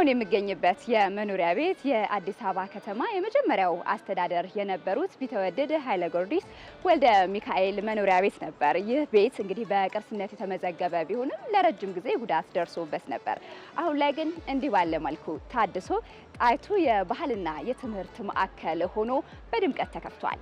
አሁን የምገኝበት የመኖሪያ ቤት የአዲስ አበባ ከተማ የመጀመሪያው አስተዳደር የነበሩት ቢተወደድ ኃይለ ጊዮርጊስ ወልደ ሚካኤል መኖሪያ ቤት ነበር። ይህ ቤት እንግዲህ በቅርስነት የተመዘገበ ቢሆንም ለረጅም ጊዜ ጉዳት ደርሶበት ነበር። አሁን ላይ ግን እንዲህ ባለ መልኩ ታድሶ ጣይቱ የባህልና የትምህርት ማዕከል ሆኖ በድምቀት ተከፍቷል።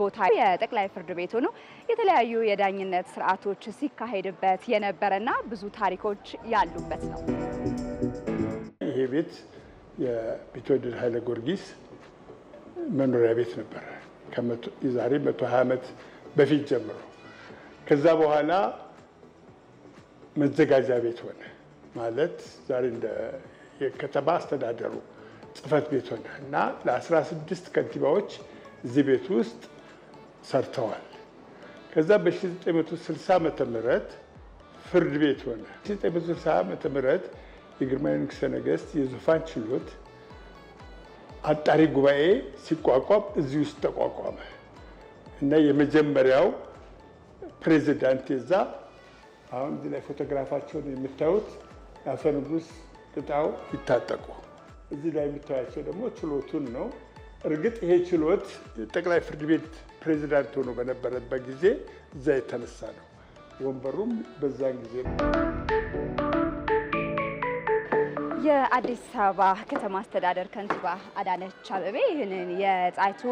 ቦታ የጠቅላይ ፍርድ ቤት ሆኖ የተለያዩ የዳኝነት ስርዓቶች ሲካሄድበት የነበረና ብዙ ታሪኮች ያሉበት ነው። ይሄ ቤት የቢትወደድ ኃይለ ጊዮርጊስ መኖሪያ ቤት ነበረ የዛሬ 120 ዓመት በፊት ጀምሮ። ከዛ በኋላ መዘጋጃ ቤት ሆነ። ማለት ዛሬ እንደ የከተማ አስተዳደሩ ጽህፈት ቤት ሆነ እና ለ16 ከንቲባዎች እዚህ ቤት ውስጥ ሰርተዋል። ከዛ በ1960 ዓ ም ፍርድ ቤት ሆነ። 1960 ዓ ም የግርማዊ ንጉሠ ነገሥት የዙፋን ችሎት አጣሪ ጉባኤ ሲቋቋም እዚህ ውስጥ ተቋቋመ እና የመጀመሪያው ፕሬዚዳንት የዛ አሁን እዚህ ላይ ፎቶግራፋቸውን የምታዩት የአፈ ንጉሥ ቅጣው ይታጠቁ እዚህ ላይ የምታያቸው ደግሞ ችሎቱን ነው። እርግጥ ይሄ ችሎት ጠቅላይ ፍርድ ቤት ፕሬዚዳንት ሆኖ በነበረበት ጊዜ እዛ የተነሳ ነው። ወንበሩም በዛን ጊዜ የአዲስ አበባ ከተማ አስተዳደር ከንቲባ አዳነች አበቤ ይህንን የጣይቱ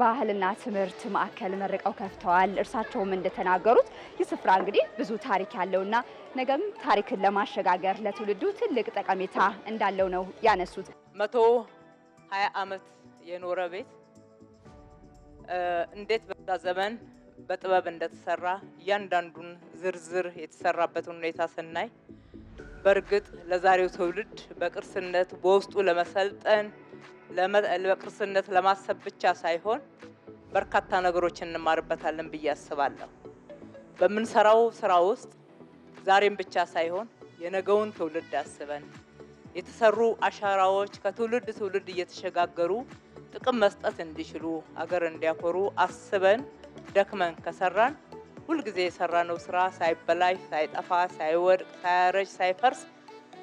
ባህልና ትምህርት ማዕከል መርቀው ከፍተዋል። እርሳቸውም እንደተናገሩት ይህ ስፍራ እንግዲህ ብዙ ታሪክ ያለውና ነገም ታሪክን ለማሸጋገር ለትውልዱ ትልቅ ጠቀሜታ እንዳለው ነው ያነሱት። መቶ ሀያ አመት የኖረ ቤት እንዴት በዛ ዘመን በጥበብ እንደተሰራ እያንዳንዱን ዝርዝር የተሰራበትን ሁኔታ ስናይ በእርግጥ ለዛሬው ትውልድ በቅርስነት በውስጡ ለመሰልጠን በቅርስነት ለማሰብ ብቻ ሳይሆን በርካታ ነገሮች እንማርበታለን ብዬ አስባለሁ። በምንሰራው ስራ ውስጥ ዛሬም ብቻ ሳይሆን የነገውን ትውልድ አስበን የተሰሩ አሻራዎች ከትውልድ ትውልድ እየተሸጋገሩ ጥቅም መስጠት እንዲችሉ አገር እንዲያኮሩ አስበን ደክመን ከሰራን ሁልጊዜ የሰራነው ስራ ሳይበላሽ፣ ሳይጠፋ፣ ሳይወድቅ፣ ሳያረጅ፣ ሳይፈርስ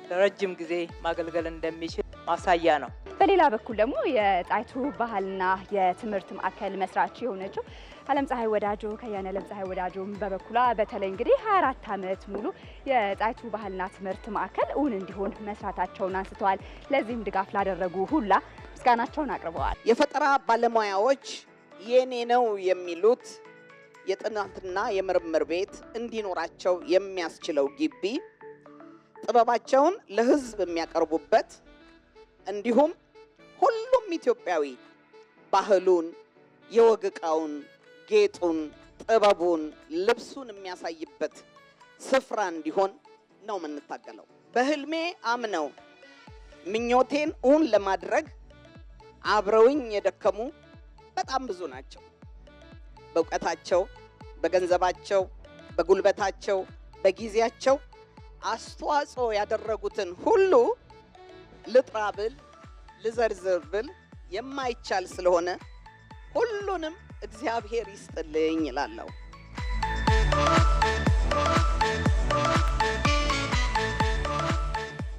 ለረጅም ጊዜ ማገልገል እንደሚችል ማሳያ ነው። በሌላ በኩል ደግሞ የጣይቱ ባህልና የትምህርት ማዕከል መስራች የሆነችው አለም ፀሐይ ወዳጆ ከያኔ አለም ፀሐይ ወዳጆ በበኩሏ በተለይ እንግዲህ 24 ዓመት ሙሉ የጣይቱ ባህልና ትምህርት ማዕከል እውን እንዲሆን መስራታቸውን አንስተዋል። ለዚህም ድጋፍ ላደረጉ ሁላ ምስጋናቸውን አቅርበዋል። የፈጠራ ባለሙያዎች የኔ ነው የሚሉት የጥናትና የምርምር ቤት እንዲኖራቸው የሚያስችለው ግቢ ጥበባቸውን ለሕዝብ የሚያቀርቡበት እንዲሁም ሁሉም ኢትዮጵያዊ ባህሉን፣ የወግ እቃውን ጌጡን፣ ጥበቡን፣ ልብሱን የሚያሳይበት ስፍራ እንዲሆን ነው የምንታገለው። በህልሜ አምነው ምኞቴን እውን ለማድረግ አብረውኝ የደከሙ በጣም ብዙ ናቸው። በእውቀታቸው፣ በገንዘባቸው፣ በጉልበታቸው፣ በጊዜያቸው አስተዋጽኦ ያደረጉትን ሁሉ ልጥራ ብል ልዘርዝር ብል የማይቻል ስለሆነ ሁሉንም እግዚአብሔር ይስጥልኝ ይላለሁ።